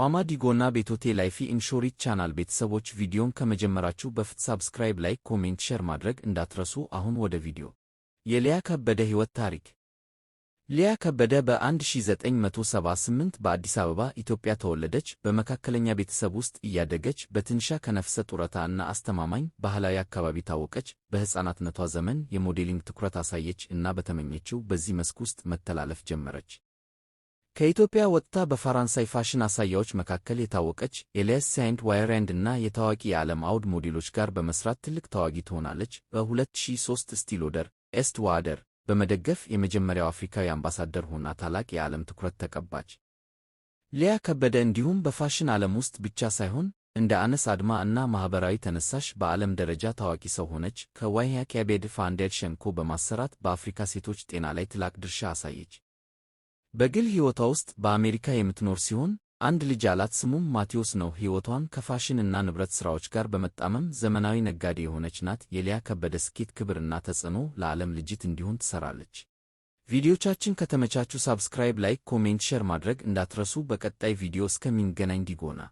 ኦማ ዲጎና ቤቶቴ ላይፊ ኢንሹሪት ቻናል ቤተሰቦች ቪዲዮን ከመጀመራችሁ በፊት ሳብስክራይብ፣ ላይክ፣ ኮሜንት፣ ሼር ማድረግ እንዳትረሱ። አሁን ወደ ቪዲዮ። የሊያ ከበደ ሕይወት ታሪክ። ሊያ ከበደ በ1978 በአዲስ አበባ ኢትዮጵያ ተወለደች። በመካከለኛ ቤተሰብ ውስጥ እያደገች በትንሻ ከነፍሰ ጡረታ እና አስተማማኝ ባህላዊ አካባቢ ታወቀች። በሕፃናትነቷ ዘመን የሞዴሊንግ ትኩረት አሳየች እና በተመኘችው በዚህ መስክ ውስጥ መተላለፍ ጀመረች። ከኢትዮጵያ ወጥታ በፈራንሳይ ፋሽን አሳያዎች መካከል የታወቀች ኤልያስ ሳይንድ ዋይራንድ እና የታዋቂ የዓለም አውድ ሞዴሎች ጋር በመስራት ትልቅ ታዋጊ ትሆናለች። በ2003 ስቲሎደር ኤስት ዋደር በመደገፍ የመጀመሪያው አፍሪካዊ አምባሳደር ሆና ታላቅ የዓለም ትኩረት ተቀባች። ሊያ ከበደ እንዲሁም በፋሽን ዓለም ውስጥ ብቻ ሳይሆን እንደ አነስ አድማ እና ማኅበራዊ ተነሳሽ በዓለም ደረጃ ታዋቂ ሰው ሆነች። ከዋይያ ካቤድ ፋንዴሽን በማሰራት በአፍሪካ ሴቶች ጤና ላይ ትላቅ ድርሻ አሳየች። በግል ሕይወቷ ውስጥ በአሜሪካ የምትኖር ሲሆን አንድ ልጅ አላት። ስሙም ማቴዎስ ነው። ሕይወቷን ከፋሽን እና ንብረት ሥራዎች ጋር በመጣመም ዘመናዊ ነጋዴ የሆነች ናት። የሊያ ከበደ ስኬት፣ ክብርና ተጽዕኖ ለዓለም ልጅት እንዲሆን ትሠራለች። ቪዲዮቻችን ከተመቻቹ ሳብስክራይብ፣ ላይክ፣ ኮሜንት፣ ሼር ማድረግ እንዳትረሱ። በቀጣይ ቪዲዮ እስከምንገናኝ ዲጎና